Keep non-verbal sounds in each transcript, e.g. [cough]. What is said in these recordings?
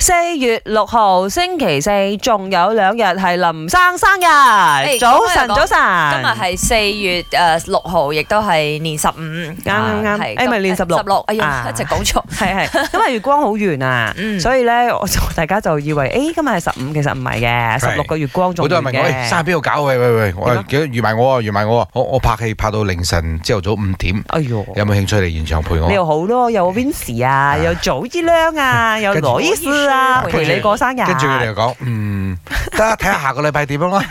四月六號星期四，仲有兩日係林生生日。早晨，早晨，今日係四月誒六號，亦都係年十五。啱啱啱，係咪年十六。十六，哎呀，一直講錯。係係，今日月光好圓啊，所以咧，我就大家就以為誒今日係十五，其實唔係嘅，十六個月光仲。好多人都問我，喂，生日邊度搞？喂喂喂，我記得預埋我啊，預埋我啊。好，我拍戲拍到凌晨，朝頭早五點。哎喲，有冇興趣嚟現場陪我？你又好咯，有 Vincy 啊，有早之良啊，有羅伊斯。陪你過生日跟，跟住佢哋講。嗯得睇下下個禮拜點咯。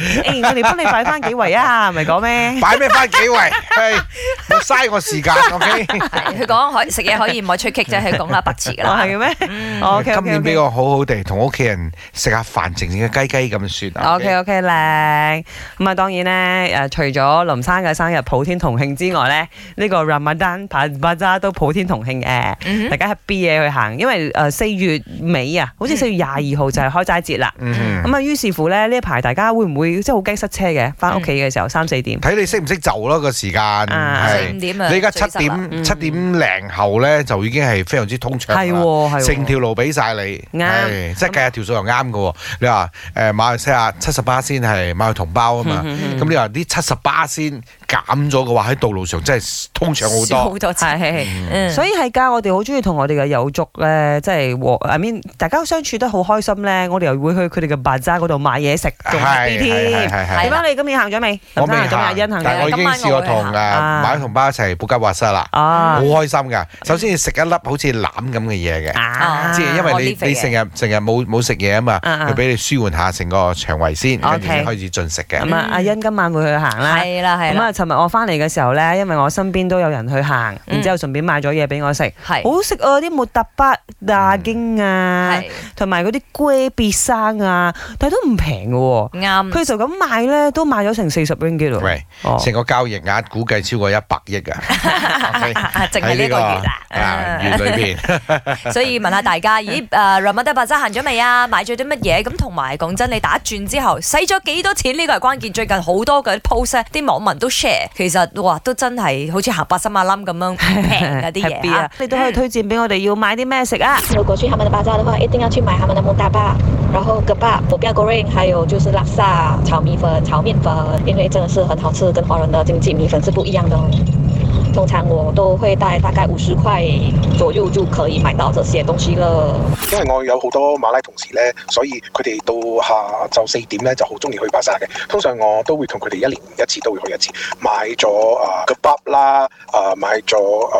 誒，我嚟幫你擺翻幾圍啊，係咪講咩？擺咩翻幾圍？係，我嘥我時間。O K。佢講可以食嘢可以唔可以出劇，就係講下白字啦。係嘅咩？O K 今年俾我好好地同屋企人食下飯，靜靜雞雞咁算。O K O K，靚。咁啊，當然咧誒，除咗林生嘅生日普天同慶之外咧，呢個 Ramadan bazaar 都普天同慶嘅。大家係 B 嘢去行？因為誒四月尾啊，好似四月廿二號係開齋節啦，咁啊，於是乎咧，呢一排大家會唔會即係好驚塞車嘅？翻屋企嘅時候三四點，睇你識唔識就咯個時間。啊，四五點啊，你而家七點七點零後咧，就已經係非常之通暢啦。係喎，成條路俾晒你，係即係計下條數又啱嘅喎。你話誒馬來西亞七十巴仙係馬來同胞啊嘛，咁你話啲七十巴仙。減咗嘅話喺道路上真係通暢好多，係係所以係噶。我哋好中意同我哋嘅友族咧，即係大家相處得好開心咧。我哋又會去佢哋嘅巴剎嗰度買嘢食，仲好啲添。媽，你今年行咗未？我未行。但我已經試過同啦，買同糖一齊布吉滑沙啦，好開心㗎。首先食一粒好似攬咁嘅嘢嘅，即係因為你你成日成日冇冇食嘢啊嘛，佢俾你舒緩下成個腸胃先，跟住先開始進食嘅。咁阿欣今晚會去行啦。係啦，係啦。琴日我翻嚟嘅時候咧，因為我身邊都有人去行，然之後順便買咗嘢俾我食，嗯、好食啊！啲木達巴大京啊，同埋嗰啲龜別生啊，但係都唔平嘅喎，啱、嗯。佢就咁賣咧，都賣咗成四十蚊幾度，成、嗯、個交易額估計超過一百億 [laughs] okay, 啊！係、 [laughs] 這個，淨係呢個月啦，月裏邊。 [laughs] 所以問下大家，咦？誒，Ramadan bazaar 行咗未啊？買咗啲乜嘢？咁同埋講真，你打轉之後，使咗幾多錢？呢、這個係關鍵。最近好多嘅 post，啲網民都 share 其實哇，都真係好似行八心阿冧咁樣平啲嘢，你都可以推薦俾我哋，要買啲咩食啊？如果去哈密巴扎的話，一定要去買哈密的木大粑，然後疙粑、伏餅、鍋餅，還有就是拉薩炒米粉、炒麵粉，因為真的是很好吃，跟華人的這種米粉是不一樣的。通常我都會帶大概五十塊左右就可以買到這些東西啦。因為我有好多馬拉同事呢，所以佢哋到下晝四點呢就好中意去巴剎嘅。通常我都會同佢哋一年一次都會去一次，買咗啊個巴啦，買啊買咗啊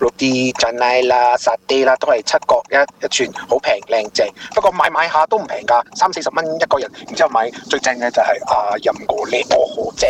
六啲珍奶啦、沙爹啦，都係七角一一串，好平靚正。不過買買下都唔平噶，三四十蚊一個人。然之後買最正嘅就係、是、啊任我呢，我好正。